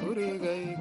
gurigayga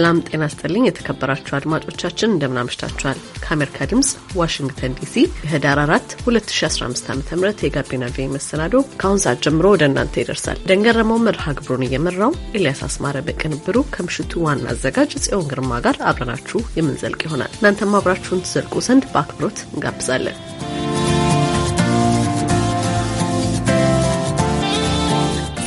ሰላም ጤና ስጥልኝ። የተከበራችሁ አድማጮቻችን እንደምናመሽታችኋል። ከአሜሪካ ድምፅ ዋሽንግተን ዲሲ የህዳር 4 2015 ዓ ም የጋቢና ቪ መሰናዶ ከአሁን ሰዓት ጀምሮ ወደ እናንተ ይደርሳል። ደንገረመው መርሃ ግብሩን እየመራው ኤልያስ አስማረ በቅንብሩ ከምሽቱ ዋና አዘጋጅ ጽዮን ግርማ ጋር አብረናችሁ የምንዘልቅ ይሆናል። እናንተም አብራችሁን ትዘልቁ ዘንድ በአክብሮት እንጋብዛለን።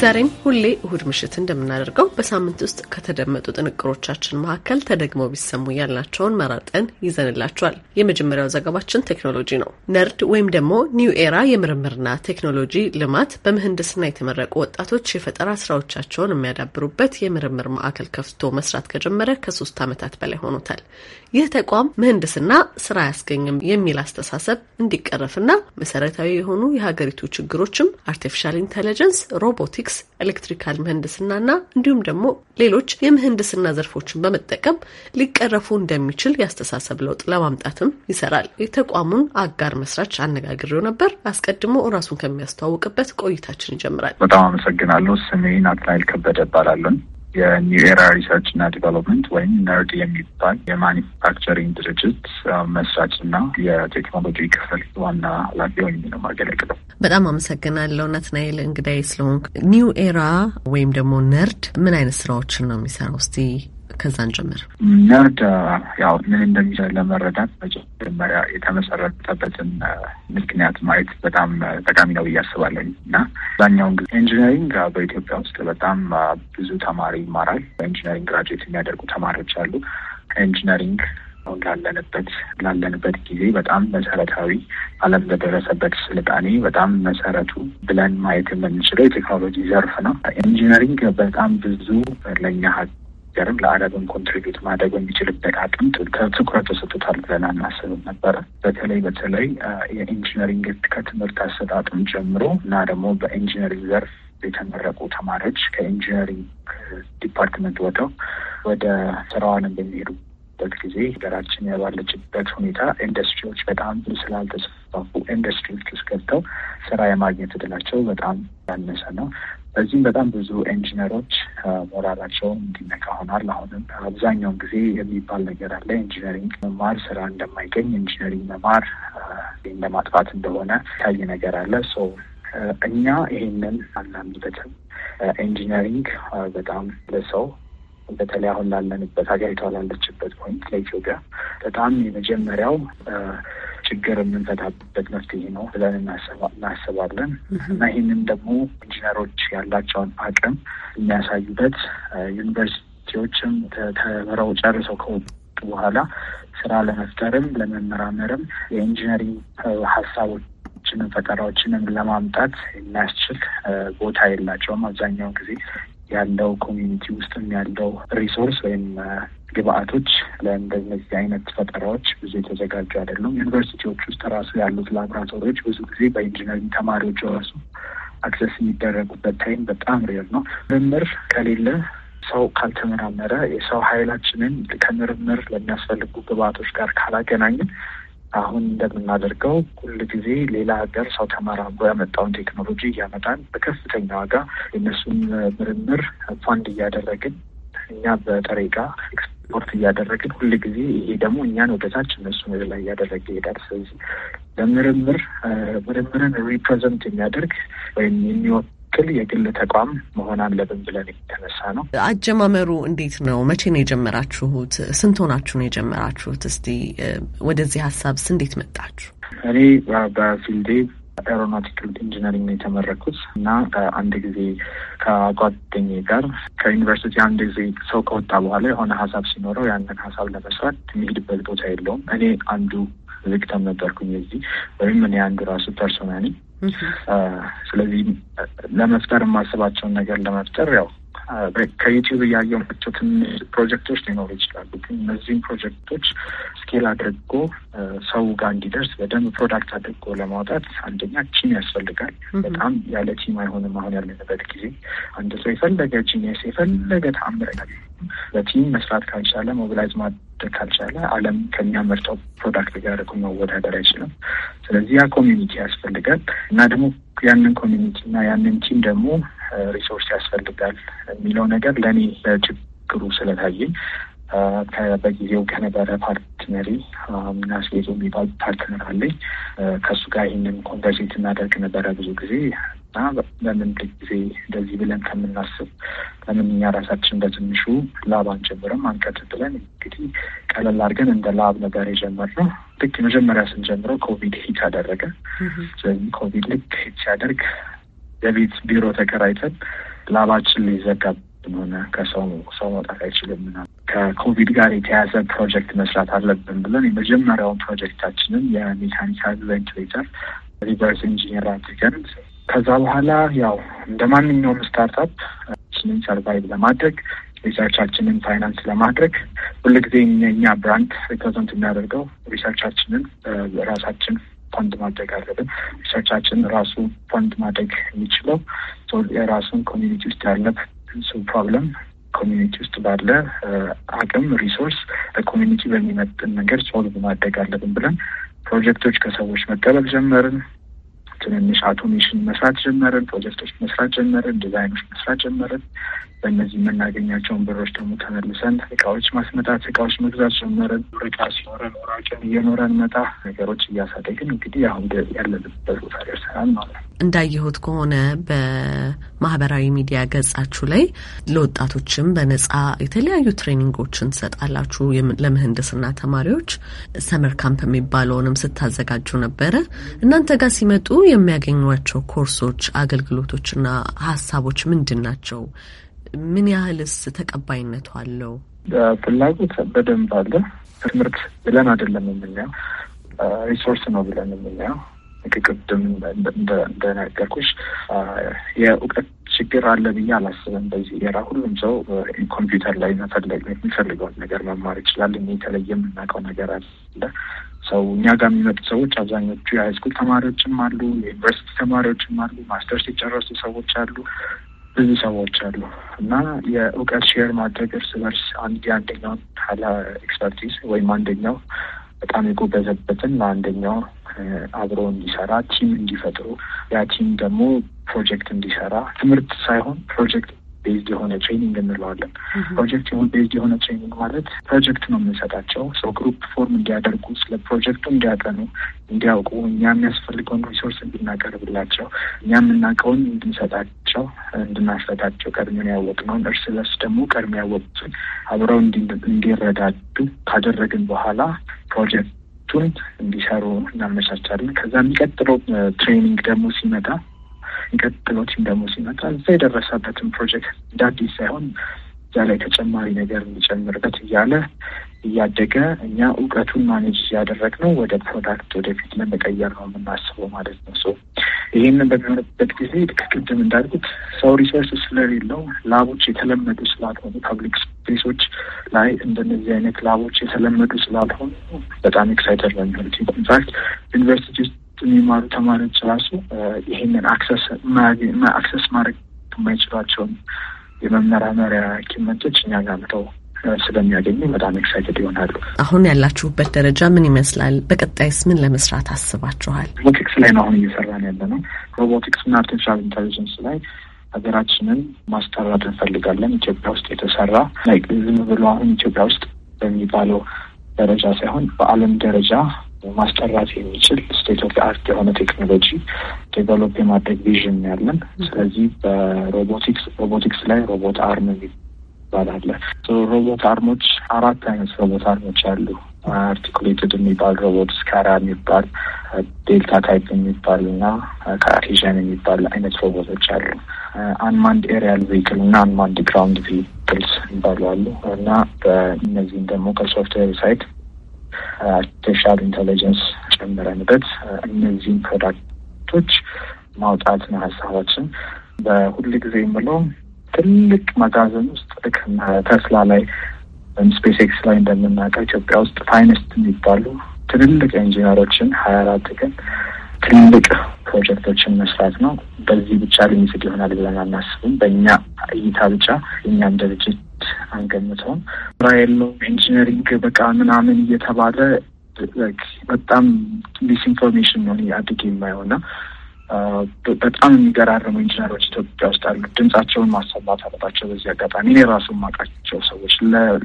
ዛሬም ሁሌ እሁድ ምሽት እንደምናደርገው በሳምንት ውስጥ ከተደመጡ ጥንቅሮቻችን መካከል ተደግመው ቢሰሙ ያልናቸውን መራርጠን ይዘንላቸዋል። የመጀመሪያው ዘገባችን ቴክኖሎጂ ነው። ነርድ ወይም ደግሞ ኒው ኤራ የምርምርና ቴክኖሎጂ ልማት በምህንድስና የተመረቁ ወጣቶች የፈጠራ ስራዎቻቸውን የሚያዳብሩበት የምርምር ማዕከል ከፍቶ መስራት ከጀመረ ከሶስት ዓመታት በላይ ሆኖታል። ይህ ተቋም ምህንድስና ስራ አያስገኝም የሚል አስተሳሰብ እንዲቀረፍና መሰረታዊ የሆኑ የሀገሪቱ ችግሮችም አርቲፊሻል ኢንቴሊጀንስ፣ ሮቦቲክስ ኤሌክትሮኒክስ፣ ኤሌክትሪካል ምህንድስናና እንዲሁም ደግሞ ሌሎች የምህንድስና ዘርፎችን በመጠቀም ሊቀረፉ እንደሚችል የአስተሳሰብ ለውጥ ለማምጣትም ይሰራል። የተቋሙን አጋር መስራች አነጋግሬው ነበር። አስቀድሞ ራሱን ከሚያስተዋውቅበት ቆይታችን ይጀምራል። በጣም አመሰግናለሁ። ስሜ ናትናኤል ከበደ እባላለሁ። የኒው ኤራ ሪሰርች እና ዲቨሎፕመንት ወይም ነርድ የሚባል የማኒፋክቸሪንግ ድርጅት መስራች እና የቴክኖሎጂ ክፍል ዋና ኃላፊ ወይም ነው ማገለግለው። በጣም አመሰግናለሁ ናትናኤል እንግዳይ ስለሆንክ። ኒው ኤራ ወይም ደግሞ ነርድ ምን አይነት ስራዎችን ነው የሚሰራው? እስቲ ከዛን ጀምር ነርድ ያው ምን እንደሚሰራ ለመረዳት መጀመሪያ የተመሰረተበትን ምክንያት ማየት በጣም ጠቃሚ ነው እያስባለኝ እና አብዛኛውን ጊዜ ኢንጂነሪንግ በኢትዮጵያ ውስጥ በጣም ብዙ ተማሪ ይማራል። በኢንጂነሪንግ ግራጁዌት የሚያደርጉ ተማሪዎች አሉ። ኢንጂነሪንግ አሁን ላለንበት ላለንበት ጊዜ በጣም መሰረታዊ ዓለም በደረሰበት ስልጣኔ በጣም መሰረቱ ብለን ማየት የምንችለው የቴክኖሎጂ ዘርፍ ነው። ኢንጂነሪንግ በጣም ብዙ ለኛ ነገርም ለአረብን ኮንትሪቢዩት ማደግ የሚችልበት አቅም ትኩረት ተሰጥቶታል ብለን አናስብም ነበረ። በተለይ በተለይ የኢንጂነሪንግ ከትምህርት አሰጣጥም ጀምሮ እና ደግሞ በኢንጂነሪንግ ዘርፍ የተመረቁ ተማሪዎች ከኢንጂነሪንግ ዲፓርትመንት ወጥተው ወደ ስራዋንም በሚሄዱ በሚሆንበት ጊዜ ሀገራችን ባለችበት ሁኔታ ኢንዱስትሪዎች በጣም ስላልተስፋፉ ኢንዱስትሪዎች ውስጥ ገብተው ስራ የማግኘት እድላቸው በጣም ያነሰ ነው። በዚህም በጣም ብዙ ኢንጂነሮች ሞራላቸው እንዲነካ ሆናል። አሁንም አብዛኛውን ጊዜ የሚባል ነገር አለ። ኢንጂነሪንግ መማር ስራ እንደማይገኝ፣ ኢንጂነሪንግ መማር እንደማጥፋት እንደሆነ ታይ ነገር አለ። እኛ ይሄንን አናምንበትም። ኢንጂነሪንግ በጣም ለሰው በተለይ አሁን ላለንበት ሀገሪቷ ላለችበት ፖይንት ለኢትዮጵያ በጣም የመጀመሪያው ችግር የምንፈታበት መፍትሄ ነው ብለን እናስባለን እና ይህንም ደግሞ ኢንጂነሮች ያላቸውን አቅም የሚያሳዩበት ዩኒቨርሲቲዎችም ተምረው ጨርሰው ከወጡ በኋላ ስራ ለመፍጠርም ለመመራመርም የኢንጂነሪንግ ሀሳቦች ፈጠራዎችንም ለማምጣት የሚያስችል ቦታ የላቸውም። አብዛኛውን ጊዜ ያለው ኮሚኒቲ ውስጥም ያለው ሪሶርስ ወይም uh, ግብአቶች ለእንደነዚህ አይነት ፈጠራዎች ብዙ የተዘጋጁ አይደሉም። ዩኒቨርሲቲዎች ውስጥ ራሱ ያሉት ላቦራቶሪዎች ብዙ ጊዜ በኢንጂነሪንግ ተማሪዎች ራሱ አክሰስ የሚደረጉበት ታይም በጣም ሪል ነው። ምርምር ከሌለ ሰው ካልተመራመረ የሰው ኃይላችንን ከምርምር ለሚያስፈልጉ ግብአቶች ጋር ካላገናኝን አሁን እንደምናደርገው ሁል ጊዜ ሌላ ሀገር ሰው ተመራምሮ ያመጣውን ቴክኖሎጂ እያመጣን በከፍተኛ ዋጋ የእነሱን ምርምር ፋንድ እያደረግን እኛ በጠሬቃ ኤክስፖርት እያደረግን ሁል ጊዜ ይሄ ደግሞ እኛን ወደታች እነሱ ወደ ላይ እያደረገ ይሄዳል። ስለዚህ ለምርምር ምርምርን ሪፕሬዘንት የሚያደርግ ወይም የሚወ ትክክል የግል ተቋም መሆን አለብን ብለን የተነሳ ነው። አጀማመሩ እንዴት ነው? መቼ ነው የጀመራችሁት? ስንት ሆናችሁ ነው የጀመራችሁት? እስቲ ወደዚህ ሀሳብስ እንዴት መጣችሁ? እኔ በፊልዴ ኤሮናውቲካል ኢንጂነሪንግ ነው የተመረኩት እና አንድ ጊዜ ከጓደኝ ጋር ከዩኒቨርሲቲ አንድ ጊዜ ሰው ከወጣ በኋላ የሆነ ሀሳብ ሲኖረው ያንን ሀሳብ ለመስራት የሚሄድበት ቦታ የለውም። እኔ አንዱ ቪክተም ነበርኩኝ እዚህ ወይም እኔ አንዱ ራሱ ፐርሶና ስለዚህ ለመፍጠር የማስባቸውን ነገር ለመፍጠር ያው ከዩቲዩብ እያየው መጡትን ፕሮጀክቶች ሊኖሩ ይችላሉ። ግን እነዚህም ፕሮጀክቶች ስኬል አድርጎ ሰው ጋር እንዲደርስ በደንብ ፕሮዳክት አድርጎ ለማውጣት አንደኛ ቲም ያስፈልጋል። በጣም ያለ ቲም አይሆንም። አሁን ያለንበት ጊዜ አንድ ሰው የፈለገ ጂኒየስ የፈለገ ተአምር በቲም መስራት ካልቻለ ሞቢላይዝ ማድረግ ካልቻለ ዓለም ከሚያመርተው ፕሮዳክት ጋር መወዳደር አይችልም። ስለዚህ ያ ኮሚዩኒቲ ያስፈልጋል እና ደግሞ ያንን ኮሚኒቲ እና ያንን ቲም ደግሞ ሪሶርስ ያስፈልጋል የሚለው ነገር ለእኔ ለችግሩ ስለታየኝ በጊዜው ከነበረ ፓርትነሪ ምናስጌጡ የሚባል ፓርትነር አለኝ። ከእሱ ጋር ይህንን ኮንቨርሴት እናደርግ ነበረ ብዙ ጊዜ እና በምን ጊዜ እንደዚህ ብለን ከምናስብ ለምን እኛ ራሳችን በትንሹ ላብ አንጀምርም አንቀጥ ብለን እንግዲህ ቀለል አድርገን እንደ ላብ ነገር የጀመርነው ልክ መጀመሪያ ስንጀምረው ኮቪድ ሂት አደረገ። ስለዚህ ኮቪድ ልክ ሂት ሲያደርግ የቤት ቢሮ ተከራይተን ላባችን ሊዘጋብን ሆነ ከሰው ሰው መውጣት አይችልም ና ከኮቪድ ጋር የተያዘ ፕሮጀክት መስራት አለብን ብለን የመጀመሪያውን ፕሮጀክታችንን የሜካኒካል ቬንትሌተር ሪቨርስ ኢንጂኒር አድርገን ከዛ በኋላ ያው እንደ ማንኛውም ስታርታፕ ችንን ሰርቫይቭ ለማድረግ ሪሰርቻችንን ፋይናንስ ለማድረግ ሁልጊዜ እኛ ብራንድ ሪፕሬዘንት የሚያደርገው ሪሰርቻችንን ራሳችን ፈንድ ማድረግ አለብን። ሪሰርቻችን ራሱ ፈንድ ማድረግ የሚችለው የራሱን ኮሚኒቲ ውስጥ ያለ ፕሮብለም ኮሚኒቲ ውስጥ ባለ አቅም ሪሶርስ ለኮሚኒቲ በሚመጥን ነገር ሶልቭ ማድረግ አለብን ብለን ፕሮጀክቶች ከሰዎች መቀበል ጀመርን። ትንንሽ አውቶሜሽን መስራት ጀመርን። ፕሮጀክቶች መስራት ጀመርን። ዲዛይኖች መስራት ጀመርን። በእነዚህ የምናገኛቸውን ብሮች ደግሞ ተመልሰን እቃዎች ማስመጣት፣ እቃዎች መግዛት ጀመረን። እቃ ሲኖረን ወራጭን እየኖረን መጣ ነገሮች እያሳደግን እንግዲህ አሁን ያለንበት ቦታ ደርሰናል ማለት ነው። እንዳየሁት ከሆነ በማህበራዊ ሚዲያ ገጻችሁ ላይ ለወጣቶችም በነጻ የተለያዩ ትሬኒንጎችን ትሰጣላችሁ። ለምህንድስና ተማሪዎች ሰመር ካምፕ የሚባለውንም ስታዘጋጁ ነበረ። እናንተ ጋር ሲመጡ የሚያገኟቸው ኮርሶች፣ አገልግሎቶችና ሀሳቦች ምንድን ናቸው? ምን ያህልስ ተቀባይነቱ አለው? ፍላጎት በደንብ አለ። ትምህርት ብለን አይደለም የምናየው፣ ሪሶርስ ነው ብለን የምናየው። ቅድም እንደነገርኩሽ የእውቀት ችግር አለ ብዬ አላስብም። በዚህ ኤራ ሁሉም ሰው ኮምፒውተር ላይ የሚፈልገውን ነገር መማር ይችላል። እኔ የተለየ የምናውቀው ነገር አለ። ሰው እኛ ጋር የሚመጡ ሰዎች አብዛኞቹ የሃይስኩል ተማሪዎችም አሉ፣ የዩኒቨርሲቲ ተማሪዎችም አሉ፣ ማስተርስ የጨረሱ ሰዎች አሉ። ብዙ ሰዎች አሉ እና የእውቀት ሼር ማድረግ እርስ በርስ አንድ የአንደኛው ሀላ ኤክስፐርቲዝ ወይም አንደኛው በጣም የጎበዘበትን ለአንደኛው አብሮ እንዲሰራ ቲም እንዲፈጥሩ ያ ቲም ደግሞ ፕሮጀክት እንዲሰራ ትምህርት ሳይሆን ፕሮጀክት ቤዝድ የሆነ ትሬኒንግ እንለዋለን። ፕሮጀክት ቤዝድ የሆነ ትሬኒንግ ማለት ፕሮጀክት ነው የምንሰጣቸው ሰው ግሩፕ ፎርም እንዲያደርጉ፣ ስለ ፕሮጀክቱ እንዲያጠኑ፣ እንዲያውቁ፣ እኛ የሚያስፈልገውን ሪሶርስ እንድናቀርብላቸው፣ እኛ የምናውቀውን እንድንሰጣቸው፣ እንድናስረዳቸው ቀድሜን ያወቅነውን እርስ በርስ ደግሞ ቀድሜ ያወቁትን አብረው እንዲረዳዱ ካደረግን በኋላ ፕሮጀክቱን እንዲሰሩ እናመቻቻለን። ከዛ የሚቀጥለው ትሬኒንግ ደግሞ ሲመጣ ቀጥሎችም ደግሞ ሲመጣ እዛ የደረሰበትን ፕሮጀክት እንዳዲስ ሳይሆን እዛ ላይ ተጨማሪ ነገር እንጨምርበት እያለ እያደገ እኛ እውቀቱን ማኔጅ እያደረግ ነው ወደ ፕሮዳክት ወደፊት ለመቀየር ነው የምናስበው ማለት ነው። ይህንን በሚሆንበት ጊዜ ልክ ቅድም እንዳልኩት ሰው ሪሶርስ ስለሌለው ላቦች የተለመዱ ስላልሆኑ ፐብሊክ ስፔሶች ላይ እንደነዚህ አይነት ላቦች የተለመዱ ስላልሆኑ በጣም ኤክሳይተር ለሚሆኑት ኢንፋክት ዩኒቨርሲቲ ውስጥ የሚማሩ ተማሪዎች ራሱ ይሄንን አክሰስ አክሰስ ማድረግ የማይችሏቸውን የመመራመሪያ ኪመቶች እኛ ጋምተው ስለሚያገኙ በጣም ኤክሳይትድ ይሆናሉ። አሁን ያላችሁበት ደረጃ ምን ይመስላል? በቀጣይስ ምን ለመስራት አስባችኋል? ሮቦቲክስ ላይ ነው አሁን እየሰራን ያለ ነው። ሮቦቲክስ እና አርቲፊሻል ኢንቴሊጀንስ ላይ ሀገራችንን ማስጠራት እንፈልጋለን። ኢትዮጵያ ውስጥ የተሰራ ዝም ብሎ አሁን ኢትዮጵያ ውስጥ በሚባለው ደረጃ ሳይሆን በዓለም ደረጃ ማስጠራት የሚችል ስቴት ኦፍ አርት የሆነ ቴክኖሎጂ ዴቨሎፕ የማድረግ ቪዥን ያለን። ስለዚህ በሮቦቲክስ ሮቦቲክስ ላይ ሮቦት አርም የሚባል ሮቦት አርሞች አራት አይነት ሮቦት አርሞች አሉ። አርቲኩሌትድ የሚባል ሮቦት፣ ስካራ የሚባል ዴልታ ታይፕ የሚባል እና ካርቴዥን የሚባል አይነት ሮቦቶች አሉ። አንማንድ ኤሪያል ቪክል እና አንማንድ ግራውንድ ቪክልስ ይባሉ አሉ እና በእነዚህም ደግሞ ከሶፍትዌር ሳይት አርቲፊሻል ኢንቴሊጀንስ ጨምረንበት እነዚህን ፕሮዳክቶች ማውጣት ነው ሀሳባችን። በሁል ጊዜ የምለው ትልቅ መጋዘን ውስጥ ልክ ተስላ ላይ ወይም ስፔስ ኤክስ ላይ እንደምናውቀው ኢትዮጵያ ውስጥ ፋይነስት የሚባሉ ትልልቅ ኢንጂነሮችን ሀያ አራት ግን ትልቅ ፕሮጀክቶችን መስራት ነው። በዚህ ብቻ ሊሚትድ ይሆናል ብለን አናስብም። በእኛ እይታ ብቻ እኛም ድርጅት አንገምተውም። ስራ የለውም ኢንጂነሪንግ በቃ ምናምን እየተባለ በጣም ዲስኢንፎርሜሽን ነው አድግ የማይሆና በጣም የሚገራርሙ ኢንጂነሮች ኢትዮጵያ ውስጥ አሉ። ድምጻቸውን ማሰማት አለባቸው። በዚህ አጋጣሚ እኔ ራሱ የማውቃቸው ሰዎች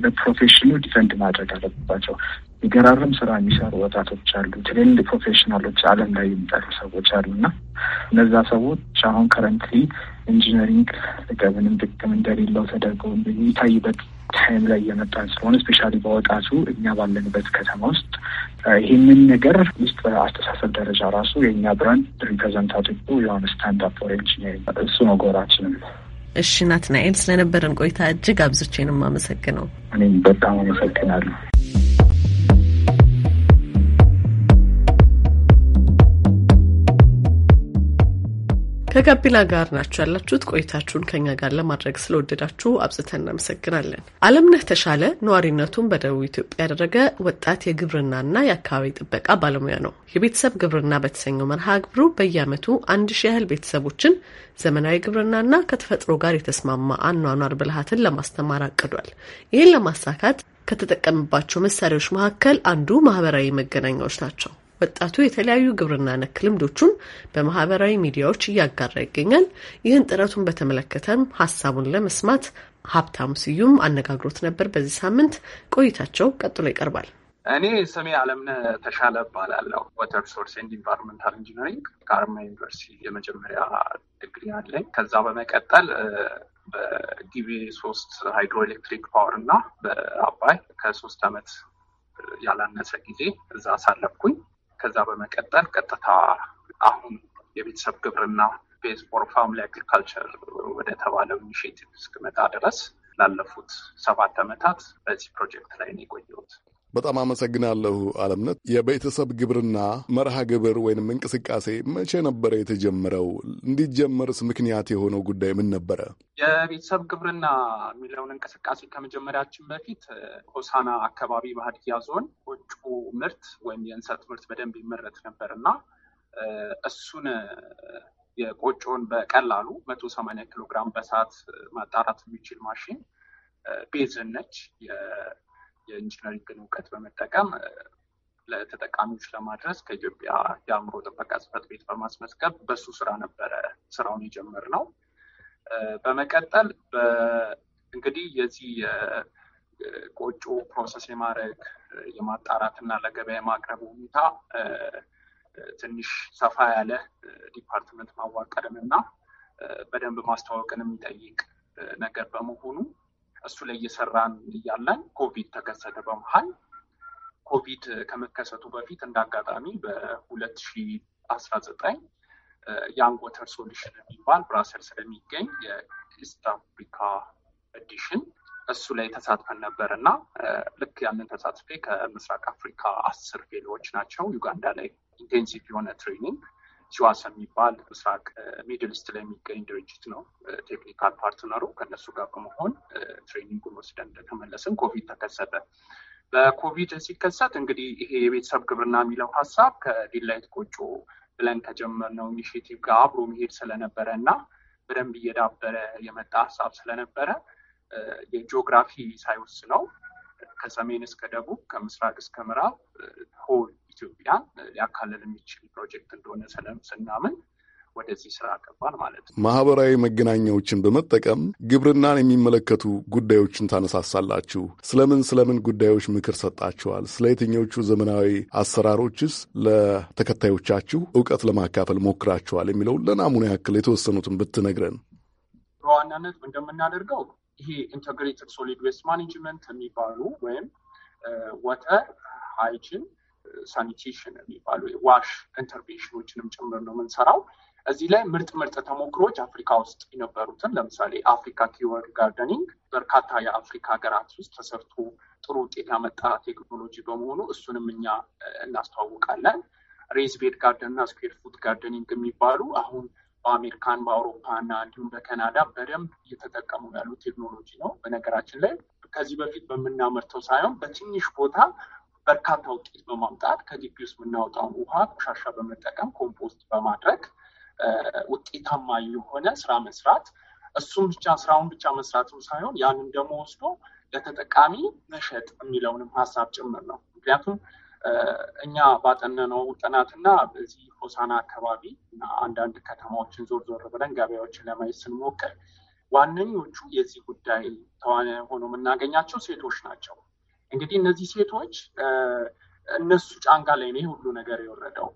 ለፕሮፌሽኑ ዲፈንድ ማድረግ አለባቸው። የሚገራርም ስራ የሚሰሩ ወጣቶች አሉ። ትልልቅ ፕሮፌሽናሎች ዓለም ላይ የሚጠሩ ሰዎች አሉ እና እነዛ ሰዎች አሁን ከረንትሊ ኢንጂነሪንግ ገብንም ጥቅም እንደሌለው ተደርገው የሚታይበት ታይም ላይ እየመጣን ስለሆነ ስፔሻሊ በወጣቱ እኛ ባለንበት ከተማ ውስጥ ይህንን ነገር ውስጥ በአስተሳሰብ ደረጃ ራሱ የእኛ ብራንድ ሪፕሬዘንታቲቭ የሆነ ስታንድ አፕ ፎር ኢንጂኒሪንግ እሱ ነው ጎራችንም። እሺ ናትናኤል፣ ስለነበረን ቆይታ እጅግ አብዝቼ ነው የማመሰግነው። እኔም በጣም አመሰግናለሁ። ከጋቢና ጋር ናችሁ ያላችሁት። ቆይታችሁን ከኛ ጋር ለማድረግ ስለወደዳችሁ አብዝተን እናመሰግናለን። አለምነህ ተሻለ ነዋሪነቱን በደቡብ ኢትዮጵያ ያደረገ ወጣት የግብርናና የአካባቢ ጥበቃ ባለሙያ ነው። የቤተሰብ ግብርና በተሰኘው መርሃ ግብሩ በየዓመቱ አንድ ሺህ ያህል ቤተሰቦችን ዘመናዊ ግብርናና ከተፈጥሮ ጋር የተስማማ አኗኗር ብልሃትን ለማስተማር አቅዷል። ይህን ለማሳካት ከተጠቀምባቸው መሳሪያዎች መካከል አንዱ ማህበራዊ መገናኛዎች ናቸው። ወጣቱ የተለያዩ ግብርና ነክ ልምዶቹን በማህበራዊ ሚዲያዎች እያጋራ ይገኛል። ይህን ጥረቱን በተመለከተም ሀሳቡን ለመስማት ሀብታሙ ስዩም አነጋግሮት ነበር። በዚህ ሳምንት ቆይታቸው ቀጥሎ ይቀርባል። እኔ ስሜ አለምነ ተሻለ እባላለሁ። ወተር ሶርስ ኤንድ ኢንቫይሮንመንታል ኢንጂነሪንግ ከአርማ ዩኒቨርሲቲ የመጀመሪያ ድግሪ አለኝ። ከዛ በመቀጠል በጊቤ ሶስት ሃይድሮ ኤሌክትሪክ ፓወር እና በአባይ ከሶስት ዓመት ያላነሰ ጊዜ እዛ አሳለፍኩኝ። ከዛ በመቀጠል ቀጥታ አሁን የቤተሰብ ግብርና ቤዝ ፎር ፋሚሊ አግሪካልቸር ወደ ተባለው ኢኒሽቲቭ እስክመጣ ድረስ ላለፉት ሰባት ዓመታት በዚህ ፕሮጀክት ላይ ነው የቆየሁት። በጣም አመሰግናለሁ አለምነት። የቤተሰብ ግብርና መርሃ ግብር ወይንም እንቅስቃሴ መቼ ነበረ የተጀመረው? እንዲጀመርስ ምክንያት የሆነው ጉዳይ ምን ነበረ? የቤተሰብ ግብርና የሚለውን እንቅስቃሴ ከመጀመሪያችን በፊት ሆሳና አካባቢ ባህድያ ዞን ቆጮ ምርት ወይም የእንሰት ምርት በደንብ ይመረት ነበር እና እሱን የቆጮን በቀላሉ መቶ ሰማንያ ኪሎ ግራም በሰዓት ማጣራት የሚችል ማሽን ቤዝነች የኢንጂነሪንግን እውቀት በመጠቀም ለተጠቃሚዎች ለማድረስ ከኢትዮጵያ የአእምሮ ጥበቃ ጽፈት ቤት በማስመዝገብ በሱ ስራ ነበረ ስራውን የጀመር ነው። በመቀጠል እንግዲህ የዚህ ቆጮ ፕሮሰስ የማድረግ የማጣራት እና ለገበያ የማቅረብ ሁኔታ ትንሽ ሰፋ ያለ ዲፓርትመንት ማዋቀርን እና በደንብ ማስተዋወቅን የሚጠይቅ ነገር በመሆኑ እሱ ላይ እየሰራን እያለን ኮቪድ ተከሰተ። በመሀል ኮቪድ ከመከሰቱ በፊት እንደ አጋጣሚ በሁለት ሺ አስራ ዘጠኝ ያንግ ወተር ሶሉሽን የሚባል ብራሰል ስለሚገኝ የኢስት አፍሪካ ኤዲሽን እሱ ላይ ተሳትፈን ነበር እና ልክ ያንን ተሳትፌ ከምስራቅ አፍሪካ አስር ፌሎዎች ናቸው ዩጋንዳ ላይ ኢንቴንሲቭ የሆነ ትሬኒንግ ሲዋስ የሚባል ምስራቅ ሚድል ስት ላይ የሚገኝ ድርጅት ነው። ቴክኒካል ፓርትነሩ ከነሱ ጋር በመሆን ትሬኒንጉን ወስደን እንደተመለስን ኮቪድ ተከሰተ። በኮቪድ ሲከሰት እንግዲህ ይሄ የቤተሰብ ግብርና የሚለው ሀሳብ ከዲላይት ቆጮ ብለን ከጀመርነው ኢኒሽቲቭ ጋር አብሮ መሄድ ስለነበረ እና በደንብ እየዳበረ የመጣ ሀሳብ ስለነበረ የጂኦግራፊ ነው። ከሰሜን እስከ ደቡብ ከምስራቅ እስከ ምዕራብ ሆል ኢትዮጵያ ሊያካለል የሚችል ፕሮጀክት እንደሆነ ስናምን ወደዚህ ስራ ገባን ማለት ነው። ማህበራዊ መገናኛዎችን በመጠቀም ግብርናን የሚመለከቱ ጉዳዮችን ታነሳሳላችሁ። ስለምን ስለምን ጉዳዮች ምክር ሰጣችኋል? ስለ የትኞቹ ዘመናዊ አሰራሮችስ ለተከታዮቻችሁ እውቀት ለማካፈል ሞክራችኋል? የሚለውን ለናሙና ያክል የተወሰኑትን ብትነግረን። በዋናነት እንደምናደርገው ይሄ ኢንተግሬትድ ሶሊድ ዌስት ማኔጅመንት የሚባሉ ወይም ወተር ሃይጅን ሳኒቴሽን የሚባሉ ዋሽ ኢንተርቬንሽኖችንም ጭምር ነው የምንሰራው። እዚህ ላይ ምርጥ ምርጥ ተሞክሮች አፍሪካ ውስጥ የነበሩትን ለምሳሌ አፍሪካ ኪወር ጋርደኒንግ በርካታ የአፍሪካ ሀገራት ውስጥ ተሰርቶ ጥሩ ውጤት ያመጣ ቴክኖሎጂ በመሆኑ እሱንም እኛ እናስተዋውቃለን። ሬዝቤድ ጋርደን እና ስኩዌር ፉት ጋርደኒንግ የሚባሉ አሁን በአሜሪካን በአውሮፓ እና እንዲሁም በካናዳ በደንብ እየተጠቀሙ ያሉ ቴክኖሎጂ ነው። በነገራችን ላይ ከዚህ በፊት በምናመርተው ሳይሆን በትንሽ ቦታ በርካታ ውጤት በማምጣት ከግቢ ውስጥ የምናወጣውን ውሃ ቆሻሻ በመጠቀም ኮምፖስት በማድረግ ውጤታማ የሆነ ስራ መስራት እሱም ብቻ ስራውን ብቻ መስራትም ሳይሆን ያንን ደግሞ ወስዶ ለተጠቃሚ መሸጥ የሚለውንም ሀሳብ ጭምር ነው። ምክንያቱም እኛ ባጠነነው ጥናትና በዚህ ሆሳና አካባቢ እና አንዳንድ ከተማዎችን ዞር ዞር ብለን ገበያዎችን ለማየት ስንሞክር ዋነኞቹ የዚህ ጉዳይ ተዋናይ ሆኖ የምናገኛቸው ሴቶች ናቸው። እንግዲህ እነዚህ ሴቶች እነሱ ጫንጋ ላይ ነው ሁሉ ነገር የወረደው።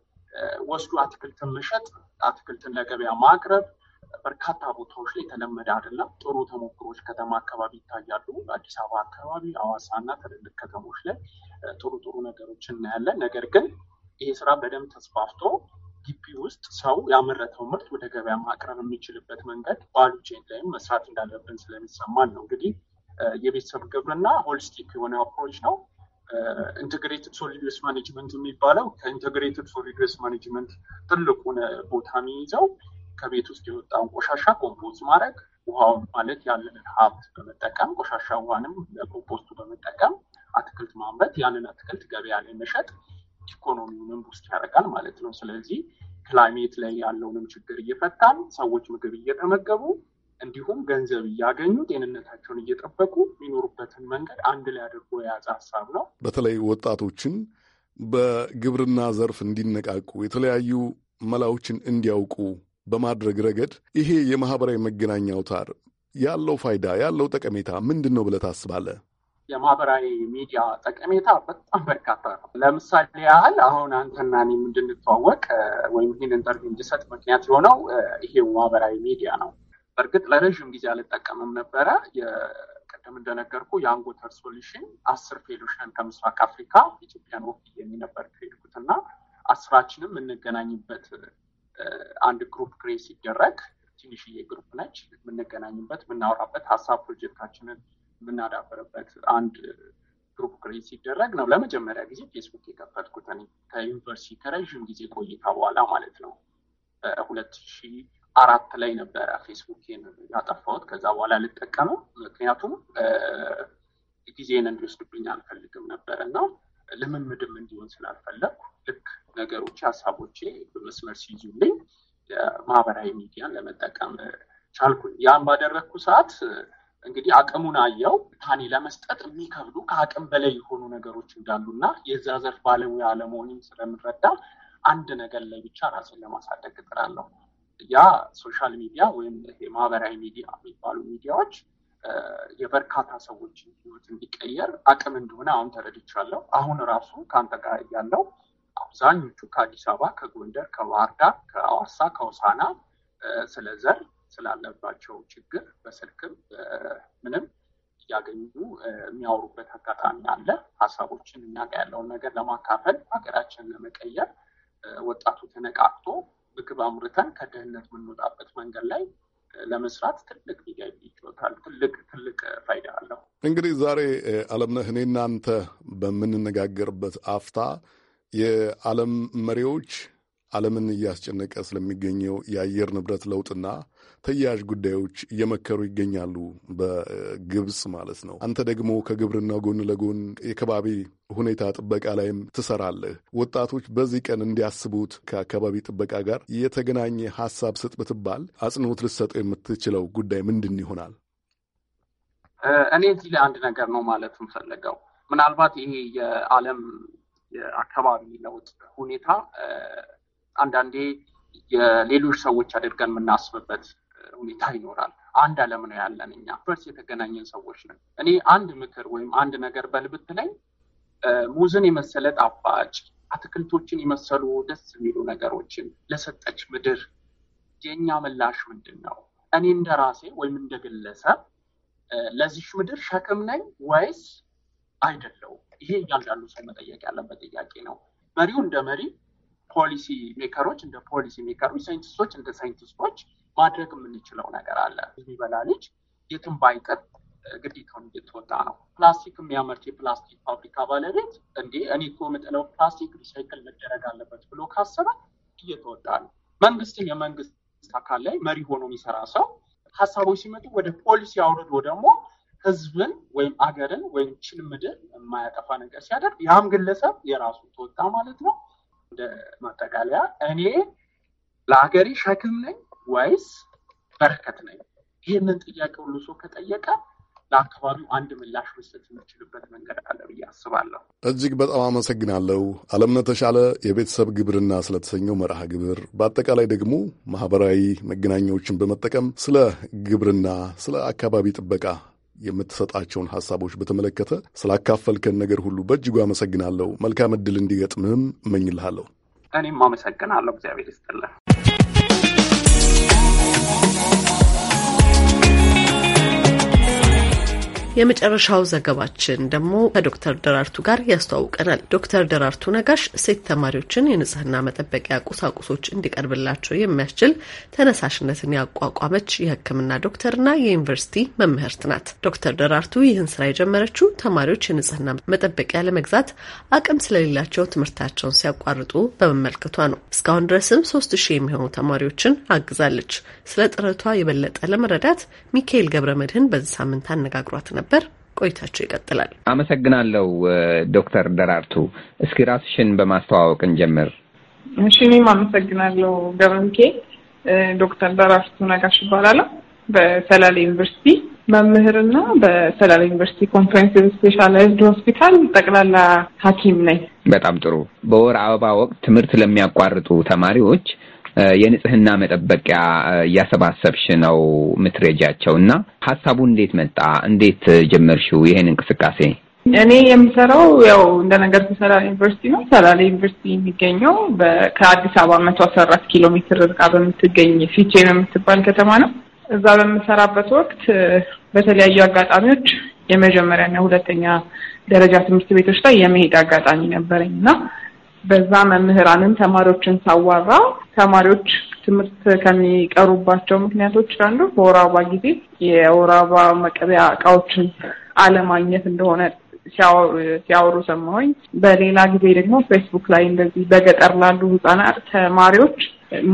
ወስዱ አትክልትን መሸጥ፣ አትክልትን ለገበያ ማቅረብ በርካታ ቦታዎች ላይ የተለመደ አይደለም። ጥሩ ተሞክሮች ከተማ አካባቢ ይታያሉ። አዲስ አበባ አካባቢ፣ አዋሳ እና ትልልቅ ከተሞች ላይ ጥሩ ጥሩ ነገሮች እናያለን። ነገር ግን ይሄ ስራ በደንብ ተስፋፍቶ ግቢ ውስጥ ሰው ያመረተው ምርት ወደ ገበያ ማቅረብ የሚችልበት መንገድ ባሉ ቼን ላይም መስራት እንዳለብን ስለሚሰማን ነው። እንግዲህ የቤተሰብ ግብርና ሆሊስቲክ የሆነ አፕሮች ነው። ኢንቴግሬትድ ሶሊድ ዌስት ማኔጅመንት የሚባለው ከኢንቴግሬትድ ሶሊድ ዌስት ማኔጅመንት ትልቁን ቦታ የሚይዘው ከቤት ውስጥ የወጣውን ቆሻሻ ኮምፖስት ማድረግ፣ ውሃውን ማለት ያለንን ሀብት በመጠቀም ቆሻሻ ውሃንም ለኮምፖስቱ በመጠቀም አትክልት ማምረት፣ ያንን አትክልት ገበያ ላይ መሸጥ ኢኮኖሚውንም ውስጥ ያደርጋል ማለት ነው። ስለዚህ ክላይሜት ላይ ያለውንም ችግር እየፈታን ሰዎች ምግብ እየተመገቡ እንዲሁም ገንዘብ እያገኙ ጤንነታቸውን እየጠበቁ የሚኖሩበትን መንገድ አንድ ላይ አድርጎ የያዘ ሀሳብ ነው። በተለይ ወጣቶችን በግብርና ዘርፍ እንዲነቃቁ የተለያዩ መላዎችን እንዲያውቁ በማድረግ ረገድ ይሄ የማህበራዊ መገናኛ አውታር ያለው ፋይዳ ያለው ጠቀሜታ ምንድን ነው ብለ ታስባለ የማህበራዊ ሚዲያ ጠቀሜታ በጣም በርካታ ነው። ለምሳሌ ያህል አሁን አንተና እኔ እንድንተዋወቅ ወይም ይህን ኢንተርቪው እንድሰጥ ምክንያት የሆነው ይሄው ማህበራዊ ሚዲያ ነው። በእርግጥ ለረዥም ጊዜ አልጠቀምም ነበረ። ቅድም እንደነገርኩ የአንጎተር ሶሉሽን አስር ፌሎሽን ከምስራቅ አፍሪካ ኢትዮጵያን ወፍ የሚነበር ከሄድኩት እና አስራችንም የምንገናኝበት አንድ ግሩፕ ክሬ ሲደረግ ትንሽዬ ግሩፕ ነች የምንገናኝበት፣ የምናወራበት ሀሳብ ፕሮጀክታችንን የምናዳበርበት አንድ ግሩፕ ክሬት ሲደረግ ነው ለመጀመሪያ ጊዜ ፌስቡክ የከፈትኩት ከዩኒቨርሲቲ ከረዥም ጊዜ ቆይታ በኋላ ማለት ነው። ሁለት ሺ አራት ላይ ነበረ ፌስቡክን ያጠፋሁት። ከዛ በኋላ ልጠቀመው ምክንያቱም ጊዜን እንዲወስድብኝ አልፈልግም ነበር እና ልምምድም እንዲሆን ስላልፈለግኩ ልክ ነገሮች ሀሳቦቼ በመስመር ሲይዙልኝ ማህበራዊ ሚዲያን ለመጠቀም ቻልኩኝ። ያን ባደረግኩ ሰዓት እንግዲህ አቅሙን አየው ታኒ ለመስጠት የሚከብዱ ከአቅም በላይ የሆኑ ነገሮች እንዳሉና የዛ ዘርፍ ባለሙያ አለመሆንም ስለምረዳ አንድ ነገር ላይ ብቻ ራሴን ለማሳደግ እጥራለሁ። ያ ሶሻል ሚዲያ ወይም ማህበራዊ ሚዲያ የሚባሉ ሚዲያዎች የበርካታ ሰዎችን ህይወት እንዲቀየር አቅም እንደሆነ አሁን ተረድቻለሁ። አሁን ራሱ ከአንተ ጋር ያለው አብዛኞቹ ከአዲስ አበባ፣ ከጎንደር፣ ከባህርዳር ከአዋሳ፣ ከውሳና ስለ ዘር ስላለባቸው ችግር በስልክም ምንም እያገኙ የሚያወሩበት አጋጣሚ አለ። ሀሳቦችን እኛ ጋ ያለውን ነገር ለማካፈል ሀገራችንን ለመቀየር ወጣቱ ተነቃቅቶ ምግብ አምርተን ከድህነት የምንወጣበት መንገድ ላይ ለመስራት ትልቅ ሚዲያ ይጫወታል። ትልቅ ትልቅ ፋይዳ አለው። እንግዲህ ዛሬ አለምነህ እኔ እናንተ በምንነጋገርበት አፍታ የዓለም መሪዎች ዓለምን እያስጨነቀ ስለሚገኘው የአየር ንብረት ለውጥና ተያያዥ ጉዳዮች እየመከሩ ይገኛሉ፣ በግብፅ ማለት ነው። አንተ ደግሞ ከግብርና ጎን ለጎን የከባቢ ሁኔታ ጥበቃ ላይም ትሰራለህ። ወጣቶች በዚህ ቀን እንዲያስቡት ከአካባቢ ጥበቃ ጋር የተገናኘ ሀሳብ ስጥ ብትባል አጽንኦት ልትሰጠው የምትችለው ጉዳይ ምንድን ይሆናል? እኔ እዚህ ላይ አንድ ነገር ነው ማለት የምፈልገው ምናልባት ይሄ የዓለም የአካባቢ ለውጥ ሁኔታ አንዳንዴ የሌሎች ሰዎች አድርገን የምናስብበት ሁኔታ ይኖራል። አንድ ዓለም ነው ያለን እኛ በርስ የተገናኘን ሰዎች ነን። እኔ አንድ ምክር ወይም አንድ ነገር በልብት ላይ ሙዝን የመሰለ ጣፋጭ አትክልቶችን የመሰሉ ደስ የሚሉ ነገሮችን ለሰጠች ምድር የእኛ ምላሽ ምንድን ነው? እኔ እንደ ራሴ ወይም እንደ ግለሰብ ለዚች ምድር ሸክም ነኝ ወይስ አይደለው? ይሄ እያንዳንዱ ሰው መጠየቅ ያለበት ጥያቄ ነው። መሪው እንደ መሪ ፖሊሲ ሜከሮች እንደ ፖሊሲ ሜከሮች፣ ሳይንቲስቶች እንደ ሳይንቲስቶች ማድረግ የምንችለው ነገር አለ። የሚበላ ልጅ የትም ባይቀር ግዴታውን እየተወጣ ነው። ፕላስቲክ የሚያመርት የፕላስቲክ ፋብሪካ ባለቤት እንዴ እኔ ኮ የምጥለው ፕላስቲክ ሪሳይክል መደረግ አለበት ብሎ ካሰበ እየተወጣ ነው። መንግስትም የመንግስት አካል ላይ መሪ ሆኖ የሚሰራ ሰው ሀሳቦች ሲመጡ ወደ ፖሊሲ አውርዶ ደግሞ ህዝብን ወይም አገርን ወይም ችልምድር የማያጠፋ ነገር ሲያደርግ ያም ግለሰብ የራሱ ተወጣ ማለት ነው። እንደ ማጠቃለያ እኔ ለሀገሬ ሸክም ነኝ ወይስ በረከት ነኝ? ይህንን ጥያቄ ሁሉ ሰው ከጠየቀ ለአካባቢው አንድ ምላሽ መስጠት የምችልበት መንገድ አለ ብዬ አስባለሁ። እጅግ በጣም አመሰግናለሁ። አለምነህ ተሻለ የቤተሰብ ግብርና ስለተሰኘው መርሃ ግብር፣ በአጠቃላይ ደግሞ ማህበራዊ መገናኛዎችን በመጠቀም ስለ ግብርና፣ ስለ አካባቢ ጥበቃ የምትሰጣቸውን ሀሳቦች በተመለከተ ስላካፈልከን ነገር ሁሉ በእጅጉ አመሰግናለሁ። መልካም እድል እንዲገጥምህም እመኝልሃለሁ። እኔም አመሰግናለሁ። እግዚአብሔር ይስጥልን። የመጨረሻው ዘገባችን ደግሞ ከዶክተር ደራርቱ ጋር ያስተዋውቀናል። ዶክተር ደራርቱ ነጋሽ ሴት ተማሪዎችን የንጽህና መጠበቂያ ቁሳቁሶች እንዲቀርብላቸው የሚያስችል ተነሳሽነትን ያቋቋመች የሕክምና ዶክተርና የዩኒቨርሲቲ መምህርት ናት። ዶክተር ደራርቱ ይህን ስራ የጀመረችው ተማሪዎች የንጽህና መጠበቂያ ለመግዛት አቅም ስለሌላቸው ትምህርታቸውን ሲያቋርጡ በመመልከቷ ነው። እስካሁን ድረስም ሶስት ሺህ የሚሆኑ ተማሪዎችን አግዛለች። ስለ ጥረቷ የበለጠ ለመረዳት ሚካኤል ገብረ መድህን በዚህ ሳምንት አነጋግሯት ነበር። ነበር። ቆይታቸው ይቀጥላል። አመሰግናለሁ ዶክተር ደራርቱ። እስኪ ራስሽን በማስተዋወቅ እንጀምር። እሺ፣ እኔም አመሰግናለሁ ገበምኬ። ዶክተር ደራርቱ ነጋሽ ይባላለሁ። በሰላሌ ዩኒቨርሲቲ መምህርና በሰላሌ ዩኒቨርሲቲ ኮንፈረንስ ስፔሻላይዝድ ሆስፒታል ጠቅላላ ሐኪም ነኝ። በጣም ጥሩ። በወር አበባ ወቅት ትምህርት ለሚያቋርጡ ተማሪዎች የንጽህና መጠበቂያ እያሰባሰብሽ ነው ምትረጃቸው እና ሀሳቡ እንዴት መጣ? እንዴት ጀመርሽው ይሄን እንቅስቃሴ? እኔ የምሰራው ያው ነገር ሰላሌ ዩኒቨርሲቲ ነው። ሰላሌ ዩኒቨርሲቲ የሚገኘው ከአዲስ አበባ መቶ አስራ አራት ኪሎ ሜትር ርቃ በምትገኝ ፊቼ ነው የምትባል ከተማ ነው። እዛ በምሰራበት ወቅት በተለያዩ አጋጣሚዎች የመጀመሪያና ሁለተኛ ደረጃ ትምህርት ቤቶች ላይ የመሄድ አጋጣሚ ነበረኝ እና በዛ መምህራንን ተማሪዎችን ሳዋራ ተማሪዎች ትምህርት ከሚቀሩባቸው ምክንያቶች አንዱ በወር አበባ ጊዜ የወር አበባ መቀበያ እቃዎችን አለማግኘት እንደሆነ ሲያወሩ ሰማሁኝ። በሌላ ጊዜ ደግሞ ፌስቡክ ላይ እንደዚህ በገጠር ላሉ ህጻናት ተማሪዎች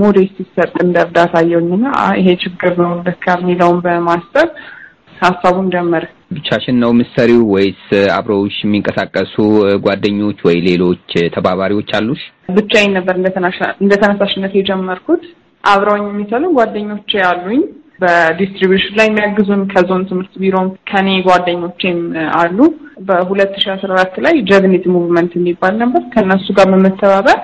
ሞዴስ ሲሰጥ እንደ እርዳታ አየሁኝና ይሄ ችግር ነው ለካ የሚለውን በማሰብ ሀሳቡን ጀመረ። ብቻሽን ነው ምሰሪው ወይስ አብረውሽ የሚንቀሳቀሱ ጓደኞች ወይ ሌሎች ተባባሪዎች አሉሽ? ብቻዬን ነበር እንደ ተነሳሽነት የጀመርኩት። አብረውኝ የሚሰሩ ጓደኞች አሉኝ። በዲስትሪቢሽን ላይ የሚያግዙን ከዞን ትምህርት ቢሮም ከኔ ጓደኞቼም አሉ። በሁለት ሺ አስራ አራት ላይ ጀግኒት ሙቭመንት የሚባል ነበር። ከእነሱ ጋር በመተባበር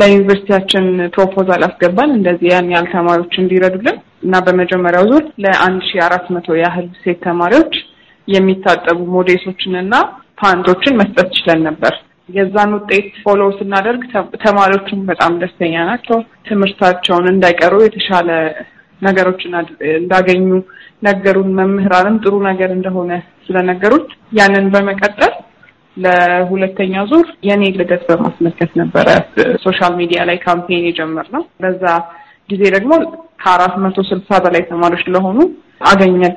ለዩኒቨርሲቲያችን ፕሮፖዛል አስገባን እንደዚህ ያን ያህል ተማሪዎች እንዲረዱልን እና በመጀመሪያው ዙር ለአንድ ሺ አራት መቶ ያህል ሴት ተማሪዎች የሚታጠቡ ሞዴሶችን እና ፓንቶችን መስጠት ችለን ነበር። የዛን ውጤት ፎሎ ስናደርግ ተማሪዎቹም በጣም ደስተኛ ናቸው። ትምህርታቸውን እንዳይቀሩ የተሻለ ነገሮች እንዳገኙ ነገሩን። መምህራንም ጥሩ ነገር እንደሆነ ስለነገሩት ያንን በመቀጠል ለሁለተኛ ዙር የኔ ልደት በማስመልከት ነበረ ሶሻል ሚዲያ ላይ ካምፔን የጀመርነው። በዛ ጊዜ ደግሞ ከአራት መቶ ስልሳ በላይ ተማሪዎች ለሆኑ አገኘን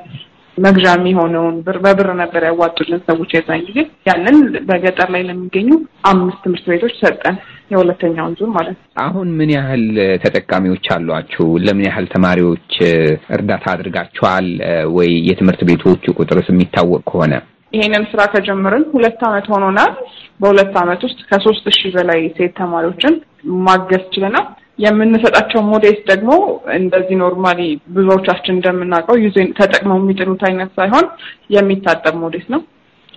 መግዣ የሚሆነውን ብር በብር ነበር ያዋጡልን ሰዎች የዛን ጊዜ። ያንን በገጠር ላይ ለሚገኙ አምስት ትምህርት ቤቶች ሰጠን፣ የሁለተኛውን ዙር ማለት ነው። አሁን ምን ያህል ተጠቃሚዎች አሏችሁ? ለምን ያህል ተማሪዎች እርዳታ አድርጋችኋል? ወይ የትምህርት ቤቶቹ ቁጥርስ የሚታወቅ ከሆነ? ይሄንን ስራ ከጀመርን ሁለት ዓመት ሆኖናል። በሁለት ዓመት ውስጥ ከሶስት ሺህ በላይ ሴት ተማሪዎችን ማገዝ ችለናል። የምንሰጣቸው ሞዴስ ደግሞ እንደዚህ ኖርማሊ ብዙዎቻችን እንደምናውቀው ዩ ተጠቅመው የሚጥሉት አይነት ሳይሆን የሚታጠብ ሞዴስ ነው።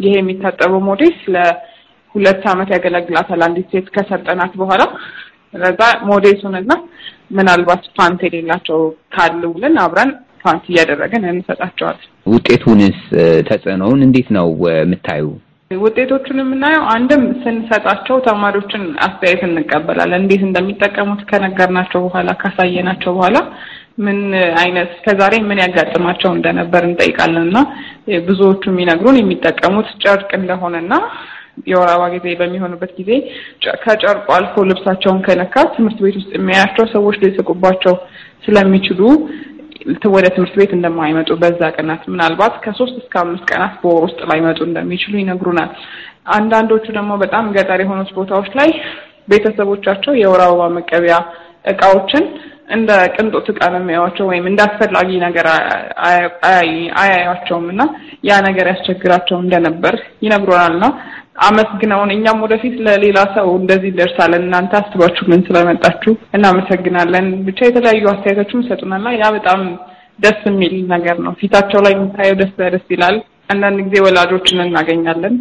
ይሄ የሚታጠበው ሞዴስ ለሁለት አመት ያገለግላታል አንዲት ሴት ከሰጠናት በኋላ። ስለዛ ሞዴሱንና ምናልባት ፓንት የሌላቸው ካሉ ብለን አብረን ፓንት እያደረግን እንሰጣቸዋለን። ውጤቱንስ ተጽዕኖውን እንዴት ነው የምታዩ? ውጤቶቹን የምናየው አንድም ስንሰጣቸው ተማሪዎችን አስተያየት እንቀበላለን። እንዴት እንደሚጠቀሙት ከነገርናቸው በኋላ ካሳየናቸው በኋላ ምን አይነት ከዛሬ ምን ያጋጥማቸው እንደነበር እንጠይቃለን እና ብዙዎቹ የሚነግሩን የሚጠቀሙት ጨርቅ እንደሆነና የወር አበባ ጊዜ በሚሆንበት ጊዜ ከጨርቁ አልፎ ልብሳቸውን ከነካ ትምህርት ቤት ውስጥ የሚያያቸው ሰዎች ሊስቁባቸው ስለሚችሉ ወደ ትምህርት ቤት እንደማይመጡ በዛ ቀናት ምናልባት ከሶስት እስከ አምስት ቀናት በወር ውስጥ ላይመጡ እንደሚችሉ ይነግሩናል። አንዳንዶቹ ደግሞ በጣም ገጠር የሆኑት ቦታዎች ላይ ቤተሰቦቻቸው የወር አበባ መቀቢያ እቃዎችን እንደ ቅንጦት እቃ ነው የሚያዩዋቸው ወይም እንደ አስፈላጊ ነገር አያያቸውም እና ያ ነገር ያስቸግራቸው እንደነበር ይነግሩናል። እና አመስግነውን እኛም ወደፊት ለሌላ ሰው እንደዚህ ደርሳለን እናንተ አስባችሁልን ስለመጣችሁ እናመሰግናለን። ብቻ የተለያዩ አስተያየቶችም ይሰጡናልና ያ በጣም ደስ የሚል ነገር ነው። ፊታቸው ላይ የሚታየው ደስ ደስ ይላል። አንዳንድ ጊዜ ወላጆችን እናገኛለን።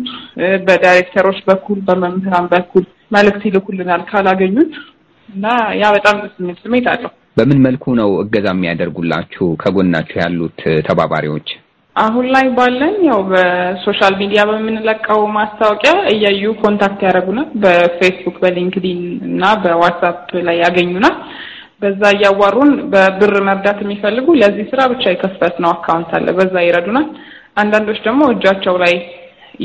በዳይሬክተሮች በኩል በመምህራን በኩል መልእክት ይልኩልናል ካላገኙት እና ያ በጣም ደስ የሚል ስሜት አለው። በምን መልኩ ነው እገዛ የሚያደርጉላችሁ ከጎናችሁ ያሉት ተባባሪዎች? አሁን ላይ ባለን ያው በሶሻል ሚዲያ በምንለቀው ማስታወቂያ እያዩ ኮንታክት ያደረጉናል። በፌስቡክ፣ በሊንክዲን እና በዋትሳፕ ላይ ያገኙናል። በዛ እያዋሩን በብር መርዳት የሚፈልጉ ለዚህ ስራ ብቻ የከፈት ነው አካውንት አለ። በዛ ይረዱናል። አንዳንዶች ደግሞ እጃቸው ላይ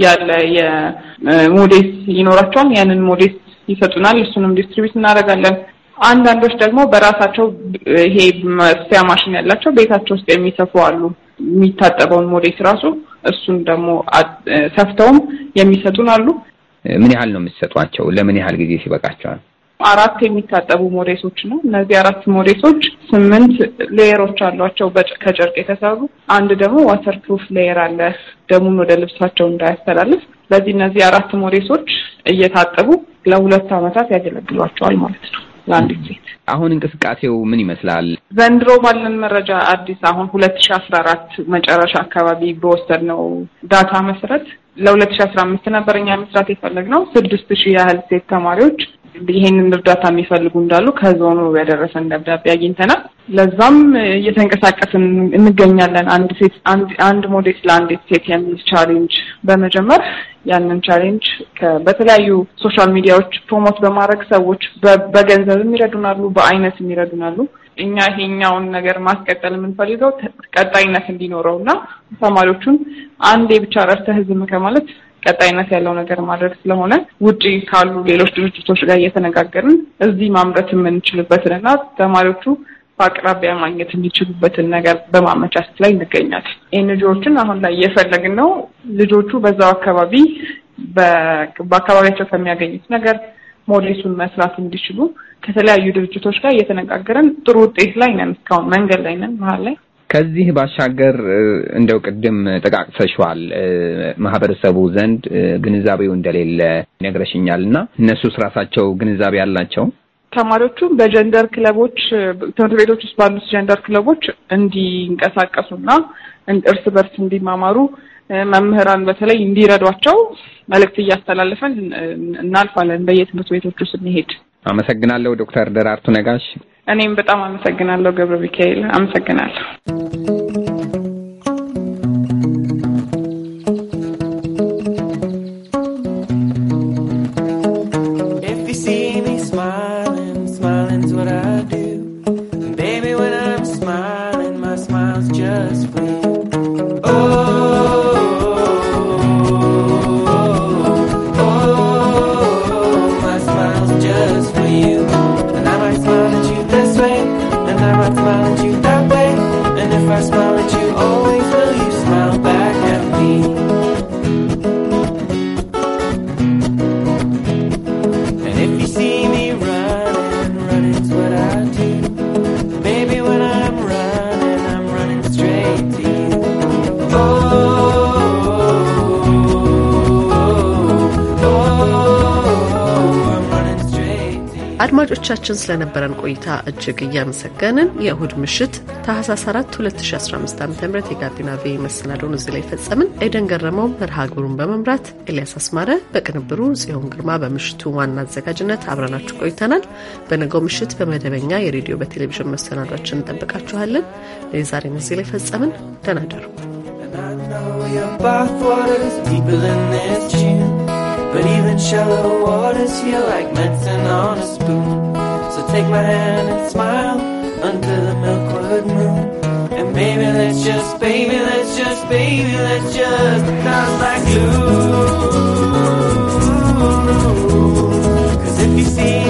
ያለ የሞዴስ ይኖራቸዋል። ያንን ሞዴስ ይሰጡናል። እሱንም ዲስትሪቢዩት እናደርጋለን። አንዳንዶች ደግሞ በራሳቸው ይሄ መስፊያ ማሽን ያላቸው ቤታቸው ውስጥ የሚሰፉ አሉ። የሚታጠበውን ሞዴስ ራሱ እሱን ደግሞ ሰፍተውም የሚሰጡን አሉ። ምን ያህል ነው የሚሰጧቸው ለምን ያህል ጊዜ ሲበቃቸዋል? አራት የሚታጠቡ ሞዴሶች ነው። እነዚህ አራት ሞዴሶች ስምንት ሌየሮች አሏቸው ከጨርቅ የተሰሩ አንድ ደግሞ ዋተር ፕሩፍ ሌየር አለ፣ ደሙን ወደ ልብሳቸው እንዳያስተላልፍ። ስለዚህ እነዚህ አራት ሞዴሶች እየታጠቡ ለሁለት አመታት ያገለግሏቸዋል ማለት ነው። ለአንድ ሴት አሁን እንቅስቃሴው ምን ይመስላል? ዘንድሮ ባለን መረጃ አዲስ አሁን ሁለት ሺ አስራ አራት መጨረሻ አካባቢ ነው ዳታ መሰረት ለሁለት ሺ አስራ አምስት ነበር እኛ መስራት የፈለግነው ስድስት ሺህ ያህል ሴት ተማሪዎች ይሄንን እርዳታ የሚፈልጉ እንዳሉ ከዞኑ ያደረሰን ደብዳቤ አግኝተናል። ለዛም እየተንቀሳቀስን እንገኛለን። አንድ ሴት አንድ ሞዴስ ለአንዲት ሴት የሚል ቻሌንጅ በመጀመር ያንን ቻሌንጅ በተለያዩ ሶሻል ሚዲያዎች ፕሮሞት በማድረግ ሰዎች በገንዘብም ይረዱናሉ፣ በአይነትም ይረዱናሉ። እኛ ይሄኛውን ነገር ማስቀጠል የምንፈልገው ቀጣይነት እንዲኖረው እና ተማሪዎቹን አንዴ ብቻ ረስተህ ዝም ከማለት ቀጣይነት ያለው ነገር ማድረግ ስለሆነ ውጪ ካሉ ሌሎች ድርጅቶች ጋር እየተነጋገርን እዚህ ማምረት የምንችልበትን እና ተማሪዎቹ በአቅራቢያ ማግኘት የሚችሉበትን ነገር በማመቻቸት ላይ እንገኛለን። ኤንጂዎችን አሁን ላይ እየፈለግን ነው። ልጆቹ በዛው አካባቢ በአካባቢያቸው ከሚያገኙት ነገር ሞዴሱን መስራት እንዲችሉ ከተለያዩ ድርጅቶች ጋር እየተነጋገረን ጥሩ ውጤት ላይ ነን። እስካሁን መንገድ ላይ ነን። መሀል ላይ ከዚህ ባሻገር እንደው ቅድም ጠቃቅሰሽዋል ማህበረሰቡ ዘንድ ግንዛቤው እንደሌለ ይነግረሽኛል እና እነሱስ ራሳቸው ግንዛቤ አላቸው? ተማሪዎቹ በጀንደር ክለቦች ትምህርት ቤቶች ውስጥ ባሉት ጀንደር ክለቦች እንዲንቀሳቀሱና እርስ በርስ እንዲማማሩ መምህራን በተለይ እንዲረዷቸው መልእክት እያስተላለፈን እናልፋለን በየትምህርት ቤቶቹ ስንሄድ። አመሰግናለሁ ዶክተር ደራርቱ ነጋሽ። እኔም በጣም አመሰግናለሁ ገብረ ሚካኤል አመሰግናለሁ። smile at you that way, and if I smile at you always. Oh, አድማጮቻችን ስለነበረን ቆይታ እጅግ እያመሰገንን የእሁድ ምሽት ታህሳስ 4 2015 ዓ ም የጋቢና ቪ መሰናዶን እዚህ ላይ ፈጸምን። ኤደን ገረመው መርሃ ግብሩን በመምራት ኤልያስ አስማረ በቅንብሩ፣ ጽዮን ግርማ በምሽቱ ዋና አዘጋጅነት አብረናችሁ ቆይተናል። በነገው ምሽት በመደበኛ የሬዲዮ በቴሌቪዥን መሰናዷችን እንጠብቃችኋለን። የዛሬን እዚህ ላይ ፈጸምን። ደህና ደሩ። But even shallow waters feel like medicine on a spoon. Take my hand and smile under the milkwood moon. And baby let's just, baby, let's just, baby, let's just become like glue. Cause if you see